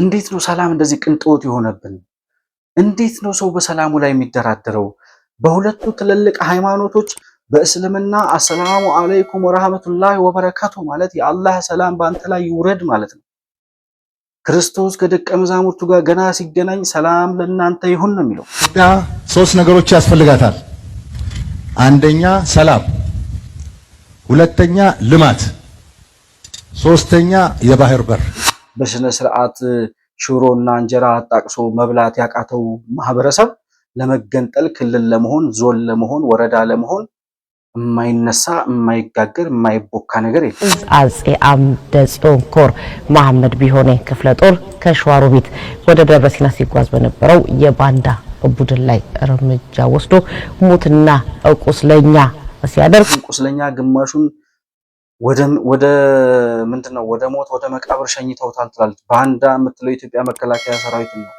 እንዴት ነው ሰላም እንደዚህ ቅንጦት የሆነብን? እንዴት ነው ሰው በሰላሙ ላይ የሚደራደረው? በሁለቱ ትልልቅ ሃይማኖቶች በእስልምና አሰላሙ አለይኩም ወራህመቱላሂ ወበረካቱ ማለት የአላህ ሰላም በአንተ ላይ ይውረድ ማለት ነው። ክርስቶስ ከደቀ መዛሙርቱ ጋር ገና ሲገናኝ ሰላም ለእናንተ ይሁን ነው የሚለው። ኢትዮጵያ ሶስት ነገሮች ያስፈልጋታል። አንደኛ ሰላም፣ ሁለተኛ ልማት፣ ሶስተኛ የባህር በር በስነ ስርዓት ሽሮና እንጀራ አጣቅሶ መብላት ያቃተው ማህበረሰብ ለመገንጠል ክልል ለመሆን ዞን ለመሆን ወረዳ ለመሆን የማይነሳ የማይጋገር የማይቦካ ነገር የለም። አጼ አምደ ጽዮን ኮር መሐመድ ቢሆኔ ክፍለ ጦር ከሸዋሮቢት ወደ ደብረ ሲና ሲጓዝ በነበረው የባንዳ ቡድን ላይ እርምጃ ወስዶ ሙትና ቁስለኛ ሲያደርግ ቁስለኛ ግማሹን ወደ ምንድን ነው ወደ ሞት ወደ መቃብር ሸኝተውታል ትላለች። ባንዳ የምትለው ኢትዮጵያ መከላከያ ሰራዊት ነው።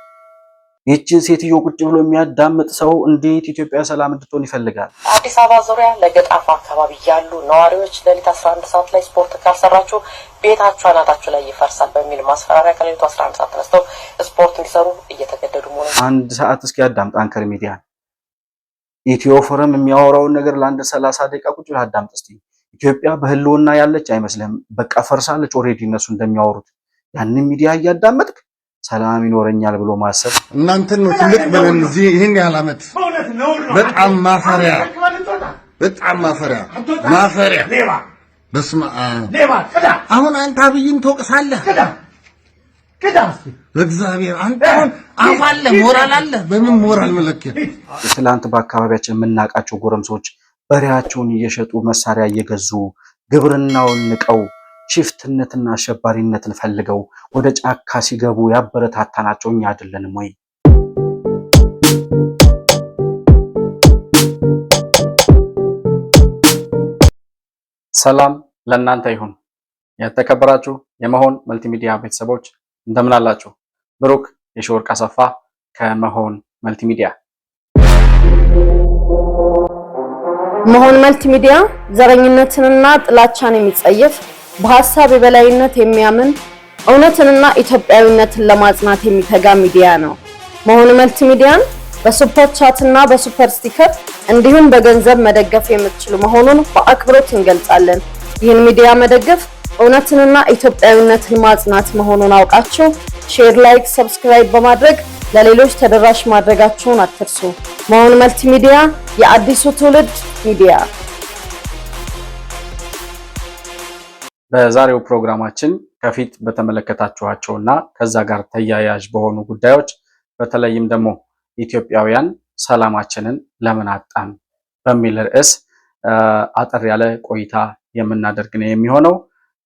ይቺ ሴትዮ ቁጭ ብሎ የሚያዳምጥ ሰው እንዴት ኢትዮጵያ ሰላም እንድትሆን ይፈልጋል? አዲስ አበባ ዙሪያ ለገጣፋ አካባቢ ያሉ ነዋሪዎች ሌሊት 11 ሰዓት ላይ ስፖርት ካልሰራችሁ ቤታችሁ አናታችሁ ላይ ይፈርሳል በሚል ማስፈራሪያ ከሌሊቱ 11 ሰዓት ተነስተው ስፖርት እንዲሰሩ እየተገደዱ መሆኑ አንድ ሰዓት እስኪ ያዳምጥ አንከር ሚዲያ ኢትዮ ፎረም የሚያወራውን ነገር ለአንድ 30 ደቂቃ ቁጭ ብለህ አዳምጥ እስኪ። ኢትዮጵያ በህልውና ያለች አይመስልህም። በቃ ፈርሳለች ኦልሬዲ እነሱ እንደሚያወሩት ያንን ሚዲያ እያዳመጥክ ሰላም ይኖረኛል ብሎ ማሰብ እናንተን ነው ትልቅ ብለን እዚህ ይህን ያህል ዓመት በጣም ማፈሪያ በጣም ማፈሪያ ማፈሪያ። በስመ አብ አሁን አንተ አብይን ትወቅሳለህ። በእግዚአብሔር አንተ አሁን አፍ አለ ሞራል አለ። በምን ሞራል መለኪያ? ትናንት በአካባቢያችን የምናውቃቸው ጎረምሶች በሬያቸውን እየሸጡ መሳሪያ እየገዙ ግብርናውን ንቀው ሽፍትነትና አሸባሪነትን ፈልገው ወደ ጫካ ሲገቡ ያበረታታናቸው እኛ አይደለንም ወይ? ሰላም ለእናንተ ይሁን። የተከበራችሁ የመሆን መልቲሚዲያ ቤተሰቦች እንደምን አላችሁ? ብሩክ የሺወርቅ አሰፋ ከመሆን መልቲሚዲያ መሆን መልቲ ሚዲያ ዘረኝነትንና ጥላቻን የሚጸየፍ በሀሳብ የበላይነት የሚያምን እውነትንና ኢትዮጵያዊነትን ለማጽናት የሚተጋ ሚዲያ ነው። መሆን መልቲ ሚዲያን በሱፐር ቻትና በሱፐር ስቲከር እንዲሁም በገንዘብ መደገፍ የምትችሉ መሆኑን በአክብሮት እንገልጻለን። ይህን ሚዲያ መደገፍ እውነትንና ኢትዮጵያዊነትን ማጽናት መሆኑን አውቃችሁ ሼር፣ ላይክ፣ ሰብስክራይብ በማድረግ ለሌሎች ተደራሽ ማድረጋችሁን አትርሱ። መሆን መልቲ ሚዲያ የአዲሱ ትውልድ ሚዲያ። በዛሬው ፕሮግራማችን ከፊት በተመለከታችኋቸውና ከዛ ጋር ተያያዥ በሆኑ ጉዳዮች በተለይም ደግሞ ኢትዮጵያውያን ሰላማችንን ለምን አጣን በሚል ርዕስ አጠር ያለ ቆይታ የምናደርግ ነው የሚሆነው።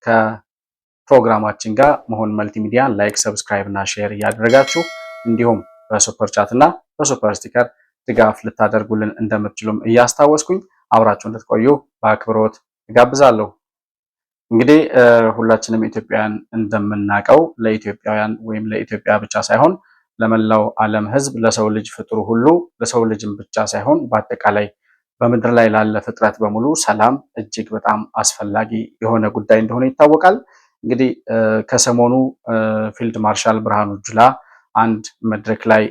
ከፕሮግራማችን ጋር መሆን መልቲሚዲያን ላይክ፣ ሰብስክራይብ እና ሼር እያደረጋችሁ እንዲሁም በሱፐር ቻት እና በሱፐር ስቲከር ድጋፍ ልታደርጉልን እንደምትችሉም እያስታወስኩኝ አብራችሁ እንድትቆዩ በአክብሮት እጋብዛለሁ። እንግዲህ ሁላችንም ኢትዮጵያውያን እንደምናውቀው ለኢትዮጵያውያን ወይም ለኢትዮጵያ ብቻ ሳይሆን ለመላው ዓለም ሕዝብ ለሰው ልጅ ፍጥሩ ሁሉ ለሰው ልጅም ብቻ ሳይሆን በአጠቃላይ በምድር ላይ ላለ ፍጥረት በሙሉ ሰላም እጅግ በጣም አስፈላጊ የሆነ ጉዳይ እንደሆነ ይታወቃል። እንግዲህ ከሰሞኑ ፊልድ ማርሻል ብርሃኑ ጁላ አንድ መድረክ ላይ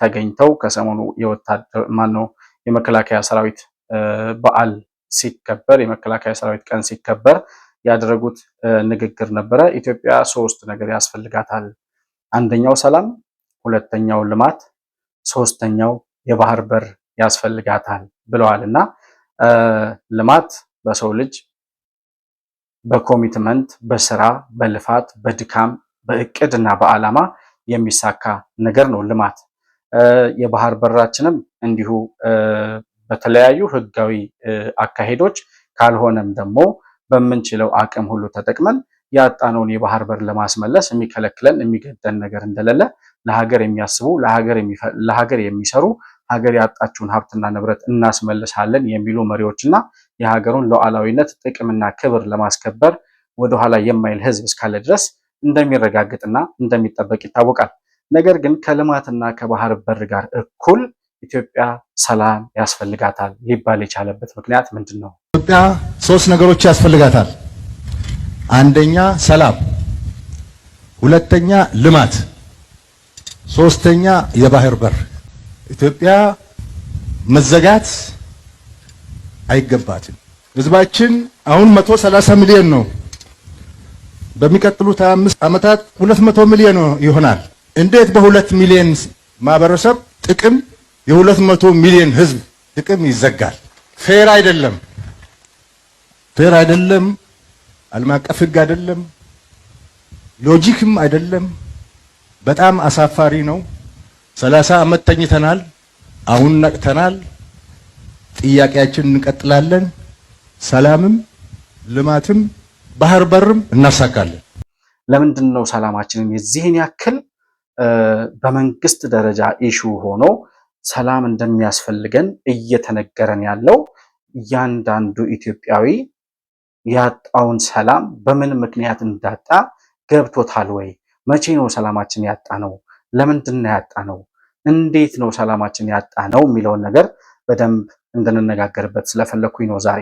ተገኝተው ከሰሞኑ የወታደር የመከላከያ ሰራዊት በዓል ሲከበር የመከላከያ ሰራዊት ቀን ሲከበር ያደረጉት ንግግር ነበረ። ኢትዮጵያ ሶስት ነገር ያስፈልጋታል። አንደኛው ሰላም፣ ሁለተኛው ልማት፣ ሶስተኛው የባህር በር ያስፈልጋታል ብለዋል እና ልማት በሰው ልጅ በኮሚትመንት፣ በስራ፣ በልፋት፣ በድካም፣ በእቅድ እና በዓላማ የሚሳካ ነገር ነው ልማት። የባህር በራችንም እንዲሁ በተለያዩ ህጋዊ አካሄዶች ካልሆነም ደግሞ በምንችለው አቅም ሁሉ ተጠቅመን ያጣነውን የባህር በር ለማስመለስ የሚከለክለን የሚገደን ነገር እንደሌለ ለሀገር የሚያስቡ ለሀገር የሚሰሩ ሀገር ያጣችውን ሀብትና ንብረት እናስመልሳለን የሚሉ መሪዎችና የሀገሩን ሉዓላዊነት ጥቅምና ክብር ለማስከበር ወደኋላ የማይል ህዝብ እስካለ ድረስ እንደሚረጋግጥና እንደሚጠበቅ ይታወቃል። ነገር ግን ከልማትና ከባህር በር ጋር እኩል ኢትዮጵያ ሰላም ያስፈልጋታል ሊባል የቻለበት ምክንያት ምንድን ነው? ኢትዮጵያ ሶስት ነገሮች ያስፈልጋታል። አንደኛ ሰላም፣ ሁለተኛ ልማት፣ ሶስተኛ የባህር በር። ኢትዮጵያ መዘጋት አይገባትም። ህዝባችን አሁን መቶ ሚሊዮን ነው። በሚቀጥሉት 25 ዓመታት 200 ሚሊዮን ይሆናል። እንዴት በሁለት ሚሊዮን ማህበረሰብ ጥቅም የ200 ሚሊዮን ህዝብ ጥቅም ይዘጋል? ፌር አይደለም፣ ፌር አይደለም። ዓለም አቀፍ ህግ አይደለም፣ ሎጂክም አይደለም። በጣም አሳፋሪ ነው። 30 ዓመት ተኝተናል። አሁን ነቅተናል። ጥያቄያችን እንቀጥላለን። ሰላምም ልማትም ባህር በርም እናሳካለን። ለምንድን ነው ሰላማችንን የዚህን ያክል በመንግስት ደረጃ ኢሹ ሆኖ ሰላም እንደሚያስፈልገን እየተነገረን ያለው? እያንዳንዱ ኢትዮጵያዊ ያጣውን ሰላም በምን ምክንያት እንዳጣ ገብቶታል ወይ? መቼ ነው ሰላማችን ያጣ ነው? ለምንድን ነው ያጣ ነው? እንዴት ነው ሰላማችን ያጣ ነው የሚለውን ነገር በደንብ እንድንነጋገርበት ስለፈለኩኝ ነው ዛሬ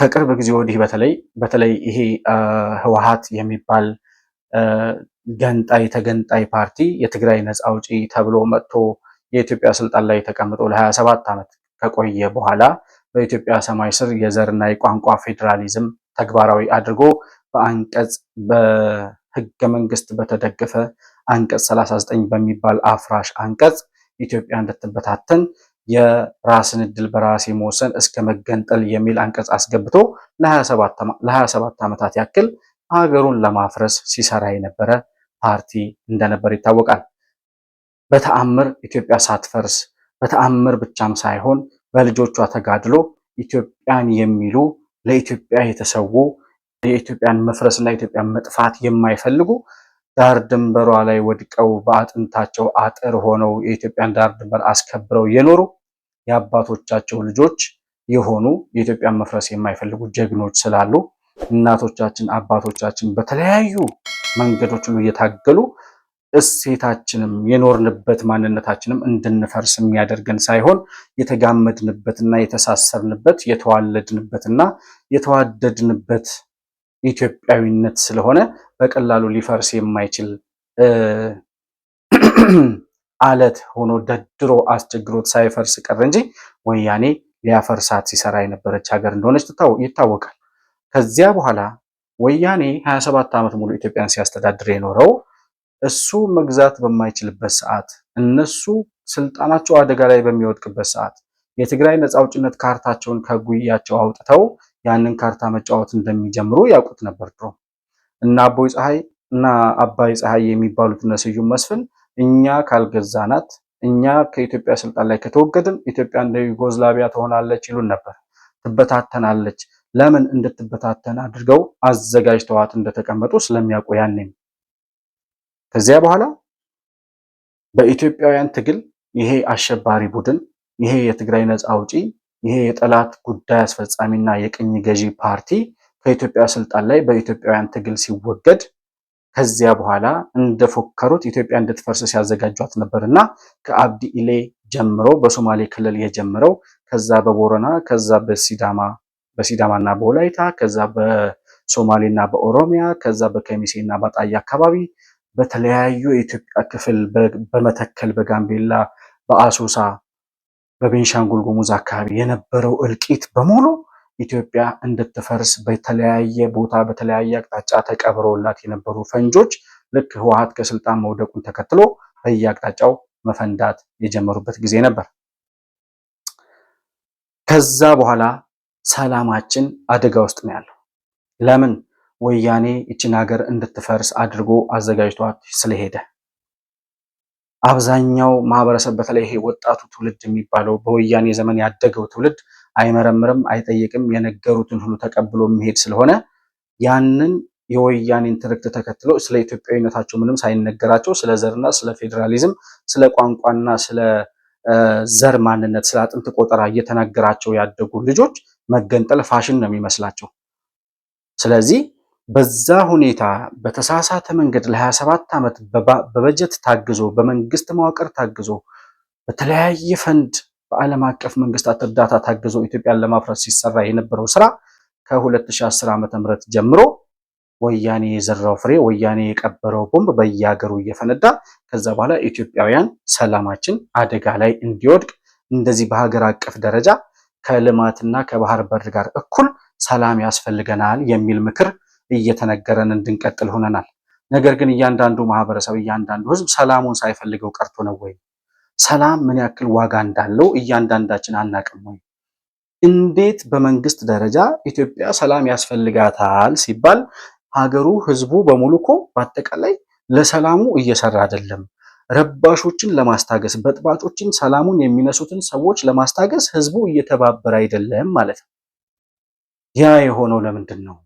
ከቅርብ ጊዜ ወዲህ በተለይ በተለይ ይሄ ህወሀት የሚባል ገንጣይ ተገንጣይ ፓርቲ የትግራይ ነፃ አውጪ ተብሎ መጥቶ የኢትዮጵያ ስልጣን ላይ ተቀምጦ ለ27 ዓመት ከቆየ በኋላ በኢትዮጵያ ሰማይ ስር የዘርና የቋንቋ ፌዴራሊዝም ተግባራዊ አድርጎ በአንቀጽ በህገ መንግስት በተደገፈ አንቀጽ 39 በሚባል አፍራሽ አንቀጽ ኢትዮጵያ እንድትበታተን የራስን እድል በራስ መወሰን እስከ መገንጠል የሚል አንቀጽ አስገብቶ ለ27 ዓመታት ያክል ሀገሩን ለማፍረስ ሲሰራ የነበረ ፓርቲ እንደነበር ይታወቃል። በተአምር ኢትዮጵያ ሳትፈርስ በተአምር ብቻም ሳይሆን በልጆቿ ተጋድሎ ኢትዮጵያን የሚሉ ለኢትዮጵያ የተሰዉ የኢትዮጵያን መፍረስና ኢትዮጵያን መጥፋት የማይፈልጉ ዳር ድንበሯ ላይ ወድቀው በአጥንታቸው አጥር ሆነው የኢትዮጵያን ዳር ድንበር አስከብረው የኖሩ የአባቶቻቸው ልጆች የሆኑ የኢትዮጵያን መፍረስ የማይፈልጉ ጀግኖች ስላሉ እናቶቻችን አባቶቻችን በተለያዩ መንገዶች ሁሉ እየታገሉ እሴታችንም የኖርንበት ማንነታችንም እንድንፈርስ የሚያደርገን ሳይሆን የተጋመድንበትና የተሳሰርንበት የተዋለድንበትና የተዋደድንበት ኢትዮጵያዊነት ስለሆነ በቀላሉ ሊፈርስ የማይችል አለት ሆኖ ደድሮ አስቸግሮት ሳይፈርስ ቀረ እንጂ ወያኔ ሊያፈርሳት ሲሰራ የነበረች ሀገር እንደሆነች ይታወቃል። ከዚያ በኋላ ወያኔ 27 ዓመት ሙሉ ኢትዮጵያን ሲያስተዳድር የኖረው እሱ መግዛት በማይችልበት ሰዓት፣ እነሱ ስልጣናቸው አደጋ ላይ በሚወድቅበት ሰዓት የትግራይ ነፃ አውጭነት ካርታቸውን ከጉያቸው አውጥተው ያንን ካርታ መጫወት እንደሚጀምሩ ያውቁት ነበር ድሮ። እና አቦይ ፀሐይ እና አባይ ፀሐይ የሚባሉት እነ ስዩም መስፍን እኛ ካልገዛናት፣ እኛ ከኢትዮጵያ ስልጣን ላይ ከተወገድን ኢትዮጵያ እንደ ዩጎዝላቪያ ትሆናለች ይሉን ነበር። ትበታተናለች። ለምን እንድትበታተን አድርገው አዘጋጅተዋት እንደተቀመጡ ስለሚያውቁ ያኔም ከዚያ በኋላ በኢትዮጵያውያን ትግል ይሄ አሸባሪ ቡድን ይሄ የትግራይ ነፃ አውጪ ይሄ የጠላት ጉዳይ አስፈጻሚና የቅኝ ገዢ ፓርቲ ከኢትዮጵያ ስልጣን ላይ በኢትዮጵያውያን ትግል ሲወገድ ከዚያ በኋላ እንደፎከሩት ኢትዮጵያ እንድትፈርስ ሲያዘጋጇት ነበርና ከአብዲ ኢሌ ጀምሮ በሶማሌ ክልል የጀምረው ከዛ በቦረና ከዛ በሲዳማ በሲዳማና በወላይታ ከዛ በሶማሌና በኦሮሚያ ከዛ በከሚሴና በጣያ አካባቢ በተለያዩ የኢትዮጵያ ክፍል በመተከል በጋምቤላ በአሶሳ በቤንሻንጉል ጉሙዝ አካባቢ የነበረው እልቂት በሙሉ ኢትዮጵያ እንድትፈርስ በተለያየ ቦታ በተለያየ አቅጣጫ ተቀብረውላት የነበሩ ፈንጆች ልክ ህወሀት ከስልጣን መውደቁን ተከትሎ በየአቅጣጫው መፈንዳት የጀመሩበት ጊዜ ነበር። ከዛ በኋላ ሰላማችን አደጋ ውስጥ ነው ያለው። ለምን? ወያኔ ይችን ሀገር እንድትፈርስ አድርጎ አዘጋጅቷት ስለሄደ አብዛኛው ማህበረሰብ በተለይ ይሄ ወጣቱ ትውልድ የሚባለው በወያኔ ዘመን ያደገው ትውልድ አይመረምርም፣ አይጠይቅም። የነገሩትን ሁሉ ተቀብሎ የሚሄድ ስለሆነ ያንን የወያኔን ትርክት ተከትሎ ስለ ኢትዮጵያዊነታቸው ምንም ሳይነገራቸው ስለ ዘርና ስለ ፌዴራሊዝም፣ ስለ ቋንቋና ስለ ዘር ማንነት፣ ስለ አጥንት ቆጠራ እየተነገራቸው ያደጉ ልጆች መገንጠል ፋሽን ነው የሚመስላቸው። ስለዚህ በዛ ሁኔታ በተሳሳተ መንገድ ለ27 ዓመት በበጀት ታግዞ በመንግስት መዋቅር ታግዞ በተለያየ ፈንድ በዓለም አቀፍ መንግስታት እርዳታ ታግዞ ኢትዮጵያን ለማፍረስ ሲሰራ የነበረው ስራ ከ2010 ዓ ምህረት ጀምሮ ወያኔ የዘራው ፍሬ ወያኔ የቀበረው ቦምብ በየሀገሩ እየፈነዳ ከዛ በኋላ ኢትዮጵያውያን ሰላማችን አደጋ ላይ እንዲወድቅ እንደዚህ በሀገር አቀፍ ደረጃ ከልማትና ከባህር በር ጋር እኩል ሰላም ያስፈልገናል የሚል ምክር እየተነገረን እንድንቀጥል ሆነናል። ነገር ግን እያንዳንዱ ማህበረሰብ እያንዳንዱ ህዝብ ሰላሙን ሳይፈልገው ቀርቶ ነው ወይ? ሰላም ምን ያክል ዋጋ እንዳለው እያንዳንዳችን አናቅም ወይ? እንዴት በመንግስት ደረጃ ኢትዮጵያ ሰላም ያስፈልጋታል ሲባል ሀገሩ ህዝቡ በሙሉ እኮ በአጠቃላይ ለሰላሙ እየሰራ አይደለም። ረባሾችን ለማስታገስ በጥባጮችን ሰላሙን የሚነሱትን ሰዎች ለማስታገስ ህዝቡ እየተባበረ አይደለም ማለት ነው። ያ የሆነው ለምንድን ነው?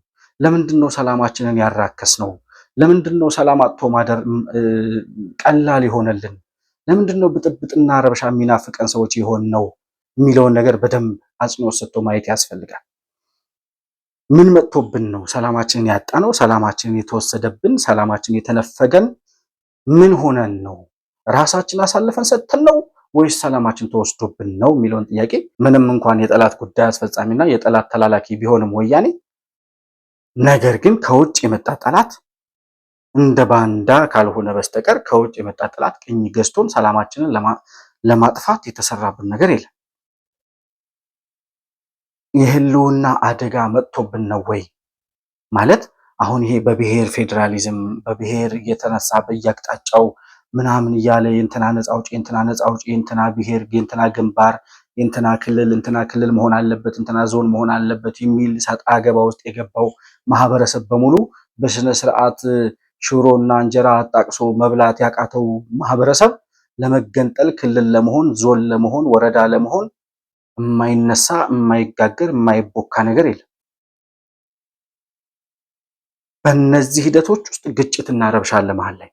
ለምንድን ነው ሰላማችንን ያራከስ ነው? ለምንድን ነው ሰላም አጥቶ ማደር ቀላል የሆነልን? ለምንድን ነው ብጥብጥና ረበሻ የሚናፍቀን ሰዎች የሆን ነው የሚለውን ነገር በደንብ አጽንኦት ሰጥቶ ማየት ያስፈልጋል። ምን መጥቶብን ነው ሰላማችንን ያጣ ነው? ሰላማችንን የተወሰደብን፣ ሰላማችን የተነፈገን ምን ሆነን ነው? ራሳችን አሳልፈን ሰጥተን ነው ወይስ ሰላማችን ተወስዶብን ነው የሚለውን ጥያቄ ምንም እንኳን የጠላት ጉዳይ አስፈጻሚና የጠላት ተላላኪ ቢሆንም ወያኔ ነገር ግን ከውጭ የመጣ ጠላት እንደ ባንዳ ካልሆነ በስተቀር ከውጭ የመጣ ጠላት ቅኝ ገዝቶን ሰላማችንን ለማጥፋት የተሰራብን ነገር የለም። የህልውና አደጋ መጥቶብን ነው ወይ ማለት አሁን ይሄ በብሔር ፌዴራሊዝም በብሔር እየተነሳ በየአቅጣጫው ምናምን እያለ የእንትና ነፃ አውጪ የእንትና ነፃ አውጪ የእንትና ብሔር የእንትና ግንባር የእንትና ክልል እንትና ክልል መሆን አለበት እንትና ዞን መሆን አለበት የሚል ሰጣ አገባ ውስጥ የገባው ማህበረሰብ በሙሉ በስነ ስርዓት ሽሮና እንጀራ አጣቅሶ መብላት ያቃተው ማህበረሰብ ለመገንጠል ክልል ለመሆን ዞን ለመሆን ወረዳ ለመሆን የማይነሳ የማይጋገር የማይቦካ ነገር የለም። በነዚህ ሂደቶች ውስጥ ግጭት እናረብሻለ መሀል ላይ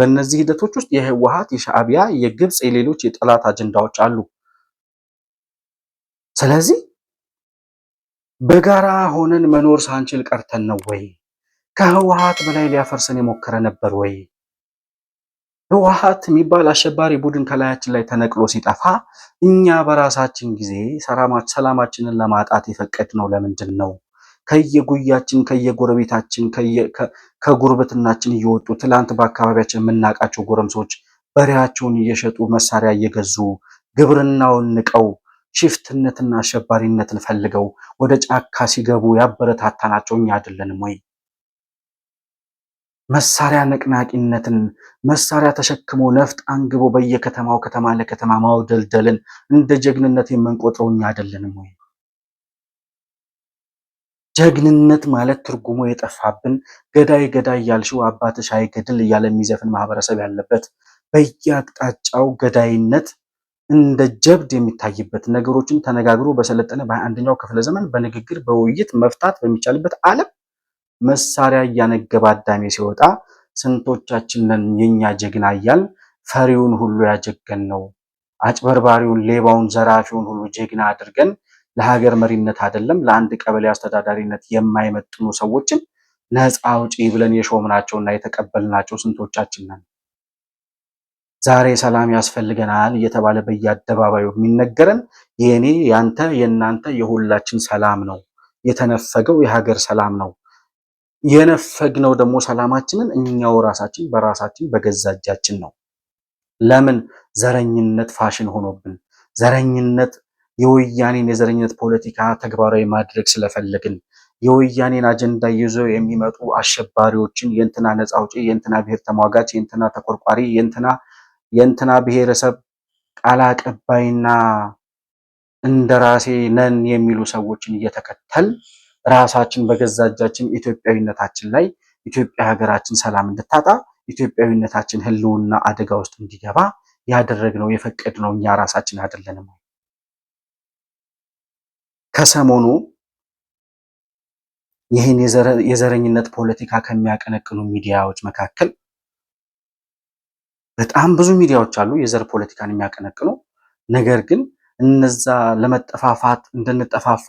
በነዚህ ሂደቶች ውስጥ የህወሀት የሻዕቢያ የግብፅ የሌሎች የጠላት አጀንዳዎች አሉ። ስለዚህ በጋራ ሆነን መኖር ሳንችል ቀርተን ነው ወይ? ከህወሓት በላይ ሊያፈርሰን የሞከረ ነበር ወይ? ህወሓት የሚባል አሸባሪ ቡድን ከላያችን ላይ ተነቅሎ ሲጠፋ እኛ በራሳችን ጊዜ ሰላማችንን ለማጣት ነው? ለምንድን ነው? ከየጉያችን ከየጎረቤታችን ከጉርብትናችን እየወጡ ትላንት በአካባቢያችን የምናውቃቸው ጎረምሶች በሬያቸውን እየሸጡ መሳሪያ እየገዙ ግብርናውን ንቀው ሽፍትነትና አሸባሪነትን ፈልገው ወደ ጫካ ሲገቡ ያበረታታናቸው እኛ አይደለንም ወይ? መሳሪያ ነቅናቂነትን፣ መሳሪያ ተሸክሞ ነፍጥ አንግቦ በየከተማው ከተማ ለከተማ ማውደልደልን እንደ ጀግንነት የምንቆጥረው እኛ አይደለንም ወይ? ጀግንነት ማለት ትርጉሙ የጠፋብን ገዳይ ገዳይ ያልሽው አባትሽ አይገድል እያለ የሚዘፍን ማህበረሰብ ያለበት በየአቅጣጫው ገዳይነት እንደ ጀብድ የሚታይበት ነገሮችን ተነጋግሮ በሰለጠነ በአንደኛው ክፍለ ዘመን በንግግር በውይይት መፍታት በሚቻልበት ዓለም መሳሪያ እያነገበ አዳሜ ሲወጣ ስንቶቻችንን የኛ ጀግና እያል ፈሪውን ሁሉ ያጀገን ነው። አጭበርባሪውን፣ ሌባውን፣ ዘራፊውን ሁሉ ጀግና አድርገን ለሀገር መሪነት አይደለም ለአንድ ቀበሌ አስተዳዳሪነት የማይመጥኑ ሰዎችን ነፃ አውጪ ብለን የሾምናቸውና የተቀበልናቸው ስንቶቻችን ነን? ዛሬ ሰላም ያስፈልገናል እየተባለ በየአደባባዩ የሚነገረን የኔ ያንተ የእናንተ የሁላችን ሰላም ነው። የተነፈገው የሀገር ሰላም ነው። የነፈግነው ደግሞ ሰላማችንን እኛው ራሳችን በራሳችን በገዛ እጃችን ነው። ለምን ዘረኝነት ፋሽን ሆኖብን ዘረኝነት የወያኔን የዘረኝነት ፖለቲካ ተግባራዊ ማድረግ ስለፈለግን የወያኔን አጀንዳ ይዞ የሚመጡ አሸባሪዎችን የእንትና ነፃ አውጪ፣ የእንትና ብሔር ተሟጋች፣ የእንትና ተቆርቋሪ፣ የእንትና የእንትና ብሔረሰብ ቃል አቀባይና እንደራሴ ነን የሚሉ ሰዎችን እየተከተል ራሳችን በገዛ እጃችን ኢትዮጵያዊነታችን ላይ ኢትዮጵያ ሀገራችን ሰላም እንድታጣ ኢትዮጵያዊነታችን ህልውና አደጋ ውስጥ እንዲገባ ያደረግነው የፈቀድነው እኛ ራሳችን አይደለንም። ከሰሞኑ ይህን የዘረኝነት ፖለቲካ ከሚያቀነቅኑ ሚዲያዎች መካከል በጣም ብዙ ሚዲያዎች አሉ የዘር ፖለቲካን የሚያቀነቅኑ። ነገር ግን እነዛ ለመጠፋፋት እንድንጠፋፋ፣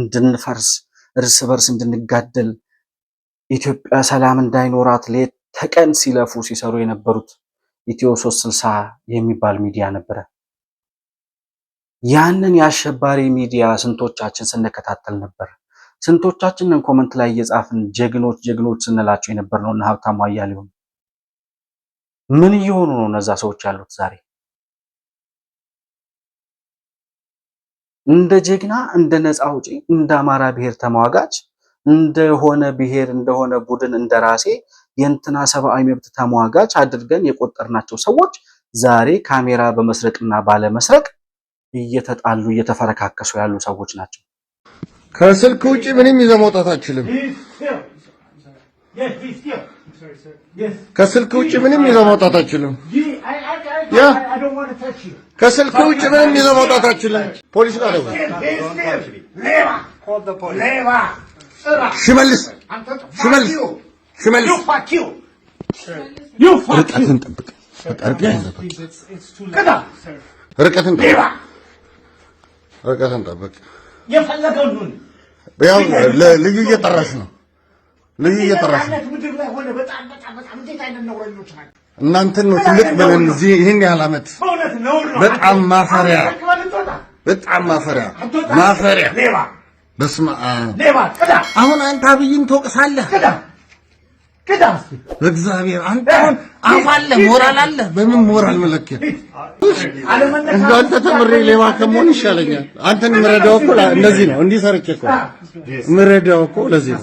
እንድንፈርስ፣ እርስ በርስ እንድንጋደል፣ ኢትዮጵያ ሰላም እንዳይኖራት ሌት ተቀን ሲለፉ ሲሰሩ የነበሩት ኢትዮ ሶስት ስልሳ የሚባል ሚዲያ ነበረ። ያንን የአሸባሪ ሚዲያ ስንቶቻችን ስንከታተል ነበር? ስንቶቻችንን ኮመንት ላይ እየጻፍን ጀግኖች ጀግኖች ስንላቸው የነበር ነው እና ሀብታሙ አያሌው ምን እየሆኑ ነው እነዛ ሰዎች ያሉት ዛሬ? እንደ ጀግና እንደ ነፃ አውጪ እንደ አማራ ብሔር ተሟጋች እንደሆነ ብሔር እንደሆነ ቡድን እንደ ራሴ የእንትና ሰብአዊ መብት ተሟጋች አድርገን የቆጠርናቸው ሰዎች ዛሬ ካሜራ በመስረቅና ባለመስረቅ እየተጣሉ እየተፈረካከሱ ያሉ ሰዎች ናቸው። ከስልክ ውጪ ምንም ይዘህ መውጣት አችልም። ከስልክ ውጭ ምንም ይዘው መውጣት አችልም። ያ ከስልክ ውጭ ምንም ይዘው መውጣት አችልም። ፖሊስ ጋር ደውል። ሽመልስ ሽመልስ ሽመልስ ርቀትን ጠብቅ። ርቀትን ርቀትን ጠብቅ። ያው ልዩ እየጠራሽ ነው ለዚህ እየጠራሽ እናንተን ነው ትልቅ ብለን እዚህ ይህን ያህል ዓመት በጣም ማፈሪያ በጣም ማፈሪያ ማፈሪያ። በስመ አብ አሁን አንተ አብይን ትወቅሳለህ። በእግዚአብሔር አንተ አሁን አፍ አለ ሞራል አለ። በምን ሞራል መለኪያ እንዳንተ ተምሬ ሌባ ከመሆን ይሻለኛል። አንተን ምረዳው እኮ እንደዚህ ነው። እንዲህ ሰርቼ እኮ ምረዳው እኮ ለዚህ ነው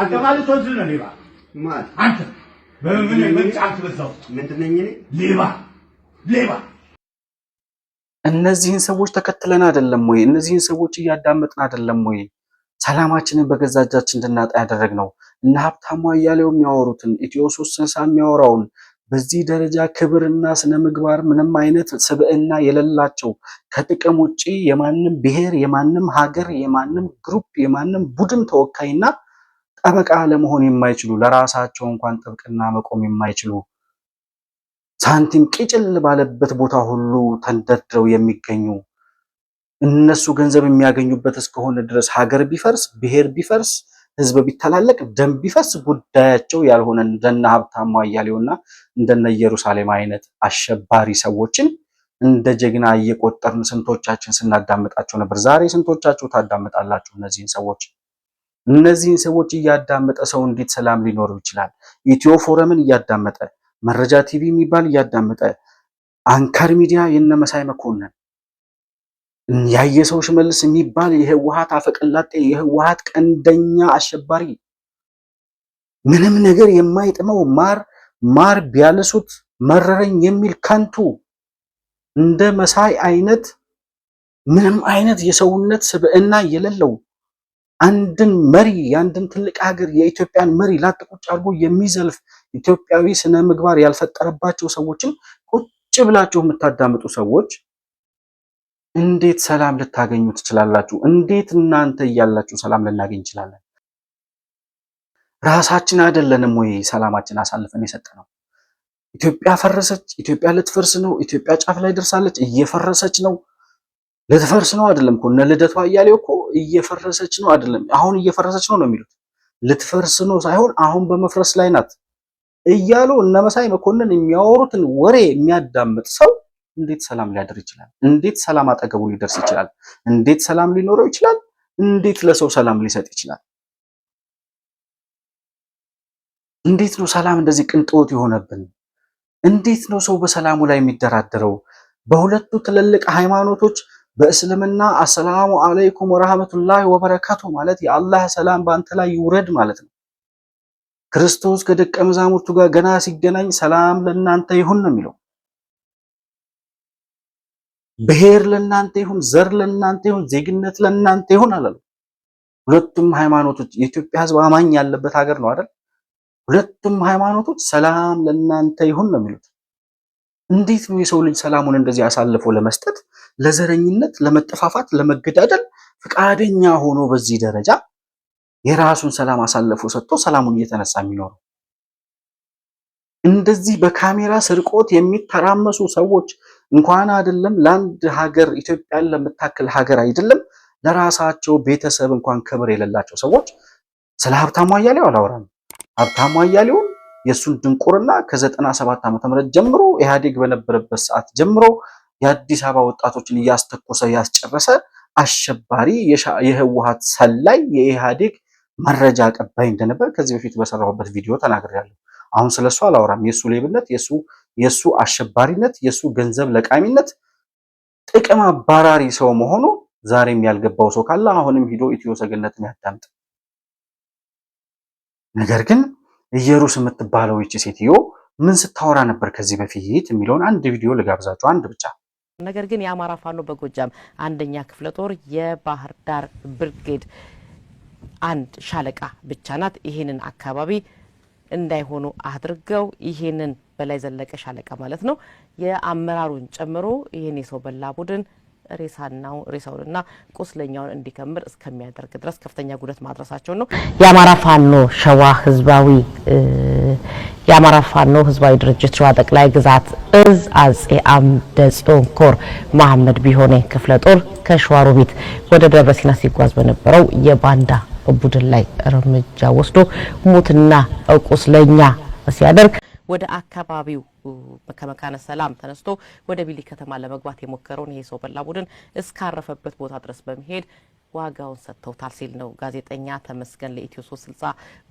አጠቃላይ ሰው ነው ሌባ ማለት አንተ በምን ጫት በዛው ምንድን ነኝ ሌባ ሌባ እነዚህን ሰዎች ተከትለን አይደለም ወይ? እነዚህን ሰዎች እያዳመጥን አይደለም ወይ? ሰላማችንን በገዛ እጃችን እንድናጣ ነው። እነ ሀብታሙ አያሌው የሚያወሩትን ኢትዮ ሶስት ስልሳ የሚያወራውን በዚህ ደረጃ ክብርና ስነ ምግባር ምንም አይነት ስብዕና የሌላቸው ከጥቅም ውጪ የማንም ብሔር፣ የማንም ሀገር፣ የማንም ግሩፕ፣ የማንም ቡድን ተወካይና ጠበቃ ለመሆን የማይችሉ ለራሳቸው እንኳን ጥብቅና መቆም የማይችሉ ሳንቲም ቂጭል ባለበት ቦታ ሁሉ ተንደድረው የሚገኙ እነሱ ገንዘብ የሚያገኙበት እስከሆነ ድረስ ሀገር ቢፈርስ፣ ብሔር ቢፈርስ፣ ህዝብ ቢተላለቅ፣ ደም ቢፈስ ጉዳያቸው ያልሆነ እንደነ ሀብታሙ አያሌውና እንደነ ኢየሩሳሌም አይነት አሸባሪ ሰዎችን እንደ ጀግና እየቆጠርን ስንቶቻችን ስናዳምጣቸው ነበር? ዛሬ ስንቶቻችሁ ታዳምጣላችሁ እነዚህን ሰዎች? እነዚህን ሰዎች እያዳመጠ ሰው እንዴት ሰላም ሊኖረው ይችላል? ኢትዮ ፎረምን እያዳመጠ መረጃ ቲቪ የሚባል እያዳመጠ አንካር ሚዲያ መሳይ መኮንን ያየ ሰው ሽመልስ የሚባል የህወሀት አፈቀላጤ የህወሀት ቀንደኛ አሸባሪ ምንም ነገር የማይጥመው ማር ማር ቢያልሱት መረረኝ የሚል ከንቱ እንደ መሳይ አይነት ምንም አይነት የሰውነት ስብዕና የሌለው አንድን መሪ የአንድን ትልቅ ሀገር የኢትዮጵያን መሪ ላጥ ቁጭ አድርጎ የሚዘልፍ ኢትዮጵያዊ ስነ ምግባር ያልፈጠረባቸው ሰዎችን ቁጭ ብላችሁ የምታዳምጡ ሰዎች እንዴት ሰላም ልታገኙ ትችላላችሁ? እንዴት እናንተ እያላችሁ ሰላም ልናገኝ እንችላለን? ራሳችን አይደለንም ወይ ሰላማችን አሳልፈን የሰጠነው? ኢትዮጵያ ፈረሰች፣ ኢትዮጵያ ልትፈርስ ነው፣ ኢትዮጵያ ጫፍ ላይ ደርሳለች፣ እየፈረሰች ነው። ልትፈርስ ነው አይደለም እኮ እነ ልደቷ እያሌው እኮ እየፈረሰች ነው አይደለም፣ አሁን እየፈረሰች ነው ነው የሚሉት። ልትፈርስ ነው ሳይሆን አሁን በመፍረስ ላይ ናት እያሉ እነ መሳይ መኮንን የሚያወሩትን ወሬ የሚያዳምጥ ሰው እንዴት ሰላም ሊያድር ይችላል? እንዴት ሰላም አጠገቡ ሊደርስ ይችላል? እንዴት ሰላም ሊኖረው ይችላል? እንዴት ለሰው ሰላም ሊሰጥ ይችላል? እንዴት ነው ሰላም እንደዚህ ቅንጦት የሆነብን? እንዴት ነው ሰው በሰላሙ ላይ የሚደራደረው? በሁለቱ ትልልቅ ሃይማኖቶች በእስልምና አሰላሙ አለይኩም ወራህመቱላሂ ወበረካቱ ማለት የአላህ ሰላም በአንተ ላይ ይውረድ ማለት ነው። ክርስቶስ ከደቀ መዛሙርቱ ጋር ገና ሲገናኝ ሰላም ለእናንተ ይሁን ነው የሚለው። ብሔር ለእናንተ ይሁን፣ ዘር ለእናንተ ይሁን፣ ዜግነት ለእናንተ ይሁን አላለም። ሁለቱም ሃይማኖቶች የኢትዮጵያ ሕዝብ አማኝ ያለበት ሀገር ነው አይደል? ሁለቱም ሃይማኖቶች ሰላም ለእናንተ ይሁን ነው የሚሉት። እንዴት ነው የሰው ልጅ ሰላሙን እንደዚህ አሳልፎ ለመስጠት ለዘረኝነት፣ ለመጠፋፋት፣ ለመገዳደል ፈቃደኛ ሆኖ በዚህ ደረጃ የራሱን ሰላም አሳልፎ ሰጥቶ ሰላሙን እየተነሳ የሚኖረው? እንደዚህ በካሜራ ስርቆት የሚተራመሱ ሰዎች እንኳን አይደለም ለአንድ ሀገር ኢትዮጵያን ለምታክል ሀገር አይደለም ለራሳቸው ቤተሰብ እንኳን ክብር የሌላቸው ሰዎች ስለ ሀብታሙ አያሌው አላወራም። ሀብታሙ አያሌውን የእሱን ድንቁርና ከ97 ዓ ም ጀምሮ ኢህአዴግ በነበረበት ሰዓት ጀምሮ የአዲስ አበባ ወጣቶችን እያስተኮሰ ያስጨረሰ አሸባሪ የህወሀት ሰላይ የኢህአዴግ መረጃ አቀባይ እንደነበር ከዚህ በፊት በሰራሁበት ቪዲዮ ተናግሬያለሁ። አሁን ስለሱ አላወራም። የሱ ሌብነት፣ የሱ አሸባሪነት፣ የሱ ገንዘብ ለቃሚነት፣ ጥቅም አባራሪ ሰው መሆኑ ዛሬም ያልገባው ሰው ካለ አሁንም ሂዶ ኢትዮ ሰገነትን ያዳምጥ። ነገር ግን እየሩስ የምትባለው ይቺ ሴትዮ ምን ስታወራ ነበር ከዚህ በፊት የሚለውን አንድ ቪዲዮ ልጋብዛችሁ፣ አንድ ብቻ። ነገር ግን የአማራ ፋኖ በጎጃም አንደኛ ክፍለ ጦር የባህር ዳር ብርጌድ አንድ ሻለቃ ብቻ ናት። ይህንን አካባቢ እንዳይሆኑ አድርገው ይህንን በላይ ዘለቀ ሻለቃ ማለት ነው የአመራሩን ጨምሮ ይህን የሰው በላ ቡድን ሬሳናው ሬሳውንና ቁስለኛውን እንዲከምር እስከሚያደርግ ድረስ ከፍተኛ ጉዳት ማድረሳቸው ነው። የአማራ ፋኖ ሸዋ ህዝባዊ የአማራ ፋኖ ህዝባዊ ድርጅት ሸዋ ጠቅላይ ግዛት እዝ አጼ አምደ ጽዮን ኮር መሐመድ ቢሆኔ ክፍለ ጦር ከሸዋሮቢት ወደ ደብረ ሲና ሲጓዝ በነበረው የባንዳ ቡድን ላይ እርምጃ ወስዶ ሙትና ቁስለኛ ሲያደርግ ወደ አካባቢው ከመካነ ሰላም ተነስቶ ወደ ቢሊ ከተማ ለመግባት የሞከረውን ይሄ ሰው በላ ቡድን እስካረፈበት ቦታ ድረስ በመሄድ ዋጋውን ሰጥተውታል ሲል ነው ጋዜጠኛ ተመስገን ለኢትዮ ሶስት ስልሳ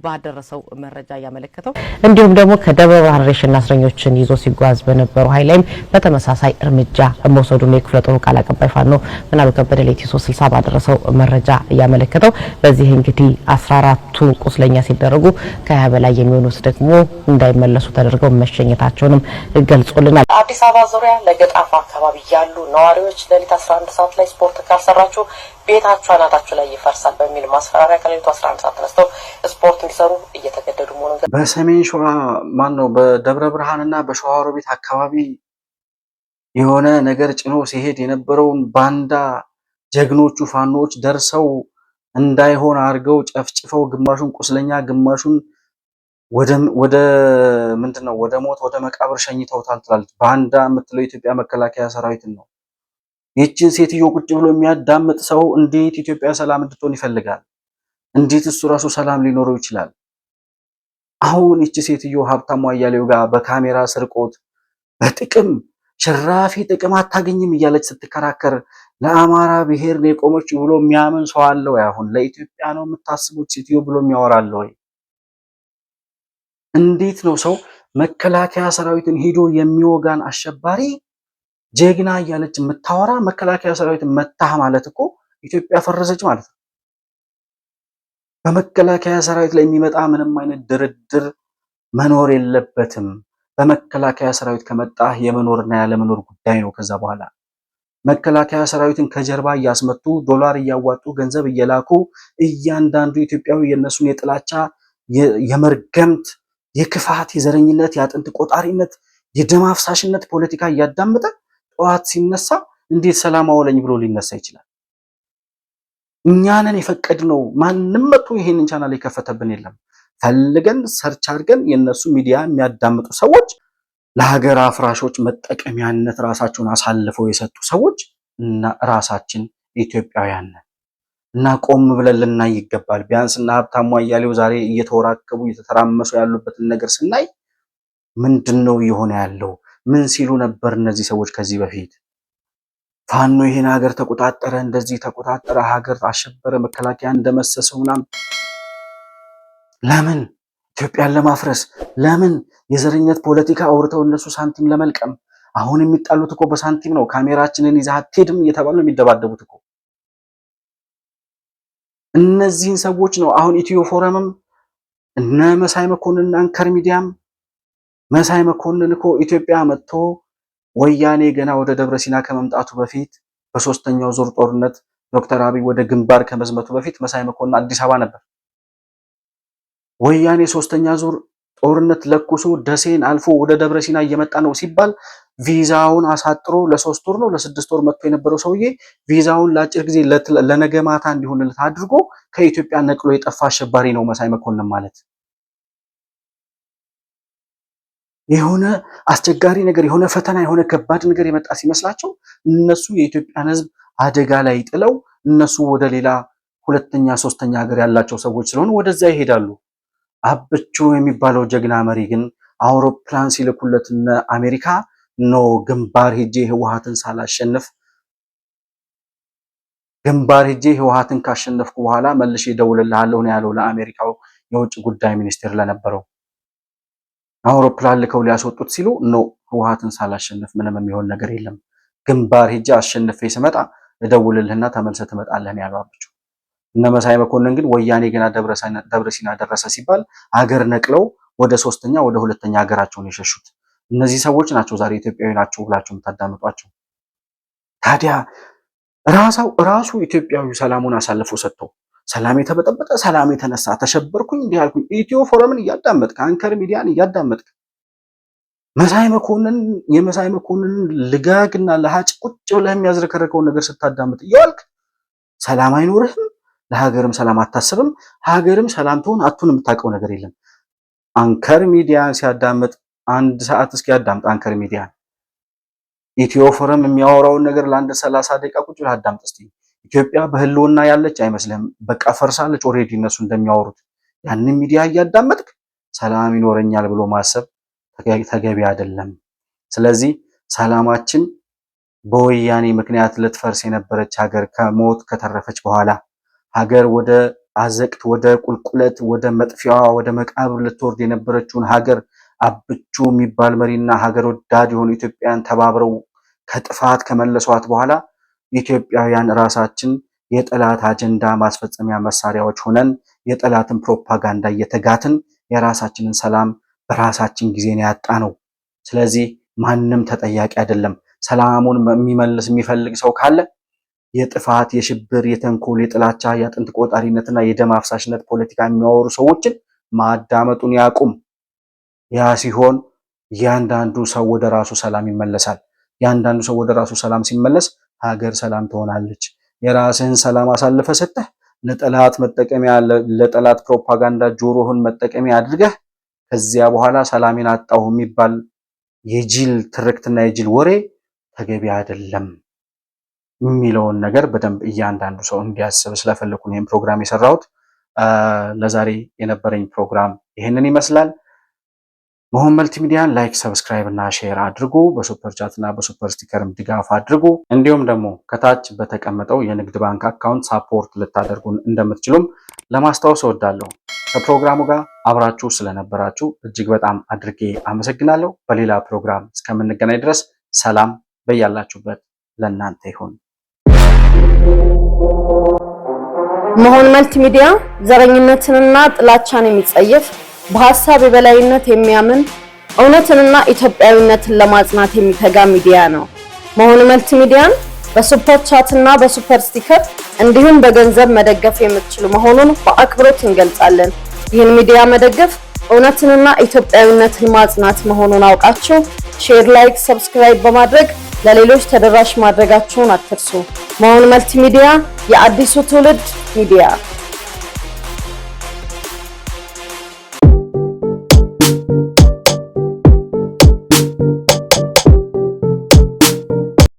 ባደረሰው መረጃ ያመለከተው። እንዲሁም ደግሞ ከደብረ ሀረርና እስረኞችን ይዞ ሲጓዝ በነበሩ ኃይል ላይም በተመሳሳይ እርምጃ ነው የክፍለ ጦሩ ቃል አቀባይ ፋኖ ምናሉ ከበደ ለኢትዮ ሶስት ስልሳ ባደረሰው መረጃ እያመለከተው። በዚህ እንግዲህ አስራ አራቱ ቁስለኛ ሲደረጉ ከሀያ በላይ የሚሆኑት ደግሞ እንዳይመለሱ ተደርገው መሸኘታቸውንም ገልጾልናል። አዲስ አበባ ዙሪያ ለገጣፋ አካባቢ ያሉ ነዋሪዎች ሌሊት 11 ሰዓት ላይ ስፖርት ካልሰራችሁ ቤታችሁ አናታችሁ ላይ ይፈርሳል በሚል ማስፈራሪያ ከሌሊቱ አንድ ሰዓት ተነስተው ስፖርት እንዲሰሩ እየተገደዱ መሆኑን በሰሜን ሸዋ ማን ነው በደብረ በሸዋሮ ቤት አካባቢ የሆነ ነገር ጭኖ ሲሄድ የነበረውን ባንዳ ጀግኖቹ ፋኖዎች ደርሰው እንዳይሆን አድርገው ጨፍጭፈው ግማሹን ቁስለኛ ግማሹን ወደ ምንድን ነው ወደ ሞት ወደ መቃብር ሸኝተውታል ትላለች። ባንዳ የምትለው የኢትዮጵያ መከላከያ ሰራዊትን ነው። ይህችን ሴትዮ ቁጭ ብሎ የሚያዳምጥ ሰው እንዴት ኢትዮጵያ ሰላም እንድትሆን ይፈልጋል? እንዴት እሱ ራሱ ሰላም ሊኖረው ይችላል? አሁን ይቺ ሴትዮ ሀብታሙ አያሌው ጋር በካሜራ ስርቆት በጥቅም ሽራፊ ጥቅም አታገኝም እያለች ስትከራከር ለአማራ ብሔር ነው የቆመች ብሎ የሚያምን ሰው አለ ወይ? አሁን ለኢትዮጵያ ነው የምታስቡት ሴትዮ ብሎ የሚያወራለ ወይ? እንዴት ነው ሰው መከላከያ ሰራዊትን ሄዶ የሚወጋን አሸባሪ ጀግና እያለች የምታወራ መከላከያ ሰራዊት መታህ ማለት እኮ ኢትዮጵያ ፈረሰች ማለት ነው። በመከላከያ ሰራዊት ላይ የሚመጣ ምንም አይነት ድርድር መኖር የለበትም። በመከላከያ ሰራዊት ከመጣህ የመኖርና ያለመኖር ጉዳይ ነው። ከዛ በኋላ መከላከያ ሰራዊትን ከጀርባ እያስመቱ ዶላር እያዋጡ ገንዘብ እየላኩ እያንዳንዱ ኢትዮጵያዊ የእነሱን የጥላቻ የመርገምት፣ የክፋት፣ የዘረኝነት፣ የአጥንት ቆጣሪነት፣ የደም አፍሳሽነት ፖለቲካ እያዳመጠ ጠዋት ሲነሳ እንዴት ሰላም አወለኝ ብሎ ሊነሳ ይችላል? እኛንን የፈቀድነው ማንም መጥቶ ይሄንን ቻናል የከፈተብን የለም። ፈልገን ሰርች አድርገን የእነሱ ሚዲያ የሚያዳምጡ ሰዎች ለሀገር አፍራሾች መጠቀሚያነት ራሳቸውን አሳልፈው የሰጡ ሰዎች እና ራሳችን ኢትዮጵያውያን ነን እና ቆም ብለን ልናይ ይገባል። ቢያንስ እና ሀብታሙ አያሌው ዛሬ እየተወራከቡ እየተተራመሱ ያሉበትን ነገር ስናይ ምንድን ነው እየሆነ ያለው? ምን ሲሉ ነበር እነዚህ ሰዎች ከዚህ በፊት? ፋኖ ይሄን ሀገር ተቆጣጠረ፣ እንደዚህ ተቆጣጠረ፣ ሀገር አሸበረ፣ መከላከያ እንደመሰሰው ምናምን። ለምን ኢትዮጵያን ለማፍረስ ለምን የዘረኝነት ፖለቲካ አውርተው እነሱ ሳንቲም ለመልቀም አሁን የሚጣሉት እኮ በሳንቲም ነው። ካሜራችንን ይዘህ አትሄድም እየተባሉ የሚደባደቡት እኮ እነዚህን ሰዎች ነው። አሁን ኢትዮ ፎረምም እነ መሳይ መኮንና አንከር ሚዲያም መሳይ መኮንን እኮ ኢትዮጵያ መጥቶ ወያኔ ገና ወደ ደብረ ሲና ከመምጣቱ በፊት በሶስተኛው ዙር ጦርነት ዶክተር አብይ ወደ ግንባር ከመዝመቱ በፊት መሳይ መኮንን አዲስ አበባ ነበር። ወያኔ ሶስተኛ ዙር ጦርነት ለኩሶ ደሴን አልፎ ወደ ደብረ ሲና እየመጣ ነው ሲባል ቪዛውን አሳጥሮ ለሶስት ወር ነው ለስድስት ወር መጥቶ የነበረው ሰውዬ ቪዛውን ለአጭር ጊዜ ለነገ ማታ እንዲሆንለት አድርጎ ከኢትዮጵያ ነቅሎ የጠፋ አሸባሪ ነው መሳይ መኮንን ማለት። የሆነ አስቸጋሪ ነገር የሆነ ፈተና የሆነ ከባድ ነገር የመጣ ሲመስላቸው እነሱ የኢትዮጵያን ሕዝብ አደጋ ላይ ጥለው እነሱ ወደ ሌላ ሁለተኛ ሶስተኛ ሀገር ያላቸው ሰዎች ስለሆኑ ወደዛ ይሄዳሉ። አበቹ የሚባለው ጀግና መሪ ግን አውሮፕላን ሲልኩለት እነ አሜሪካ ኖ ግንባር ሄጄ ህወሀትን ሳላሸንፍ ግንባር ሄጄ ህወሀትን ካሸነፍኩ በኋላ መልሼ እደውልልሃለሁ ነው ያለው ለአሜሪካው የውጭ ጉዳይ ሚኒስቴር ለነበረው አውሮፕላን ልከው ሊያስወጡት ሲሉ ኖ ህወሓትን ሳላሸንፍ ምንም የሚሆን ነገር የለም፣ ግንባር ሄጄ አሸንፌ ስመጣ እደውልልህና ተመልሰ ትመጣለህን ነው እነመሳይ እነ መሳይ መኮንን ግን ወያኔ ገና ደብረ ሲና ደረሰ ሲባል አገር ነቅለው ወደ ሶስተኛ ወደ ሁለተኛ ሀገራቸውን የሸሹት እነዚህ ሰዎች ናቸው። ዛሬ ኢትዮጵያዊ ናቸው ብላቸው የምታዳምጧቸው ታዲያ ራሳው ራሱ ኢትዮጵያዊ ሰላሙን አሳልፎ ሰጥተው ሰላም የተበጠበጠ ሰላም የተነሳ ተሸበርኩኝ እንዲህ አልኩኝ። ኢትዮ ፎረምን እያዳመጥክ አንከር ሚዲያን እያዳመጥክ መሳይ መኮንን የመሳይ መኮንን ልጋግና ለሀጭ ቁጭ ብለህ የሚያዝረከረከውን ነገር ስታዳምጥ እያልክ ሰላም አይኖርህም፣ ለሀገርም ሰላም አታስብም፣ ሀገርም ሰላም ትሆን አቱን የምታውቀው ነገር የለም። አንከር ሚዲያን ሲያዳምጥ አንድ ሰዓት እስኪ ያዳምጥ። አንከር ሚዲያን ኢትዮ ፎረም የሚያወራውን ነገር ለአንድ ሰላሳ ደቂቃ ቁጭ ብለህ አዳምጥ እስቲ። ኢትዮጵያ በህልውና ያለች አይመስልህም። በቃ ፈርሳለች ኦልሬዲ እነሱ እንደሚያወሩት ያንን ሚዲያ እያዳመጥክ ሰላም ይኖረኛል ብሎ ማሰብ ተገቢ አይደለም። ስለዚህ ሰላማችን በወያኔ ምክንያት ልትፈርስ የነበረች ሀገር ከሞት ከተረፈች በኋላ ሀገር ወደ አዘቅት፣ ወደ ቁልቁለት፣ ወደ መጥፊያዋ፣ ወደ መቃብር ልትወርድ የነበረችውን ሀገር አብቹ የሚባል መሪና ሀገር ወዳድ የሆኑ ኢትዮጵያን ተባብረው ከጥፋት ከመለሷት በኋላ ኢትዮጵያውያን ራሳችን የጠላት አጀንዳ ማስፈጸሚያ መሳሪያዎች ሆነን የጠላትን ፕሮፓጋንዳ እየተጋትን የራሳችንን ሰላም በራሳችን ጊዜ ነው ያጣ ነው። ስለዚህ ማንም ተጠያቂ አይደለም። ሰላሙን የሚመልስ የሚፈልግ ሰው ካለ የጥፋት የሽብር የተንኮል የጥላቻ የአጥንት ቆጣሪነትና የደም አፍሳሽነት ፖለቲካ የሚያወሩ ሰዎችን ማዳመጡን ያቁም። ያ ሲሆን እያንዳንዱ ሰው ወደ ራሱ ሰላም ይመለሳል። እያንዳንዱ ሰው ወደ ራሱ ሰላም ሲመለስ ሀገር ሰላም ትሆናለች። የራስህን ሰላም አሳልፈ ሰጠህ ለጠላት መጠቀሚያ ለጠላት ፕሮፓጋንዳ ጆሮህን መጠቀሚያ አድርገህ ከዚያ በኋላ ሰላሜን አጣሁ የሚባል የጅል ትርክትና የጅል ወሬ ተገቢ አይደለም የሚለውን ነገር በደንብ እያንዳንዱ ሰው እንዲያስብ ስለፈለኩ ይህን ፕሮግራም የሰራሁት። ለዛሬ የነበረኝ ፕሮግራም ይህንን ይመስላል። መሆን መልቲ ሚዲያን ላይክ፣ ሰብስክራይብ እና ሼር አድርጉ። በሱፐር ቻት እና በሱፐር ስቲከርም ድጋፍ አድርጉ። እንዲሁም ደግሞ ከታች በተቀመጠው የንግድ ባንክ አካውንት ሳፖርት ልታደርጉን እንደምትችሉም ለማስታወስ እወዳለሁ። ከፕሮግራሙ ጋር አብራችሁ ስለነበራችሁ እጅግ በጣም አድርጌ አመሰግናለሁ። በሌላ ፕሮግራም እስከምንገናኝ ድረስ ሰላም በያላችሁበት ለእናንተ ይሁን። መሆን መልቲ ሚዲያ ዘረኝነትንና ጥላቻን የሚጸየፍ በሀሳብ የበላይነት የሚያምን እውነትንና ኢትዮጵያዊነትን ለማጽናት የሚተጋ ሚዲያ ነው። ሞኑመንት ሚዲያን በሱፐር ቻት እና በሱፐር ስቲከር እንዲሁም በገንዘብ መደገፍ የምትችሉ መሆኑን በአክብሮት እንገልጻለን። ይህን ሚዲያ መደገፍ እውነትንና ኢትዮጵያዊነትን ማጽናት መሆኑን አውቃችሁ ሼር፣ ላይክ፣ ሰብስክራይብ በማድረግ ለሌሎች ተደራሽ ማድረጋችሁን አትርሱ። መሆን መልቲ ሚዲያ የአዲሱ ትውልድ ሚዲያ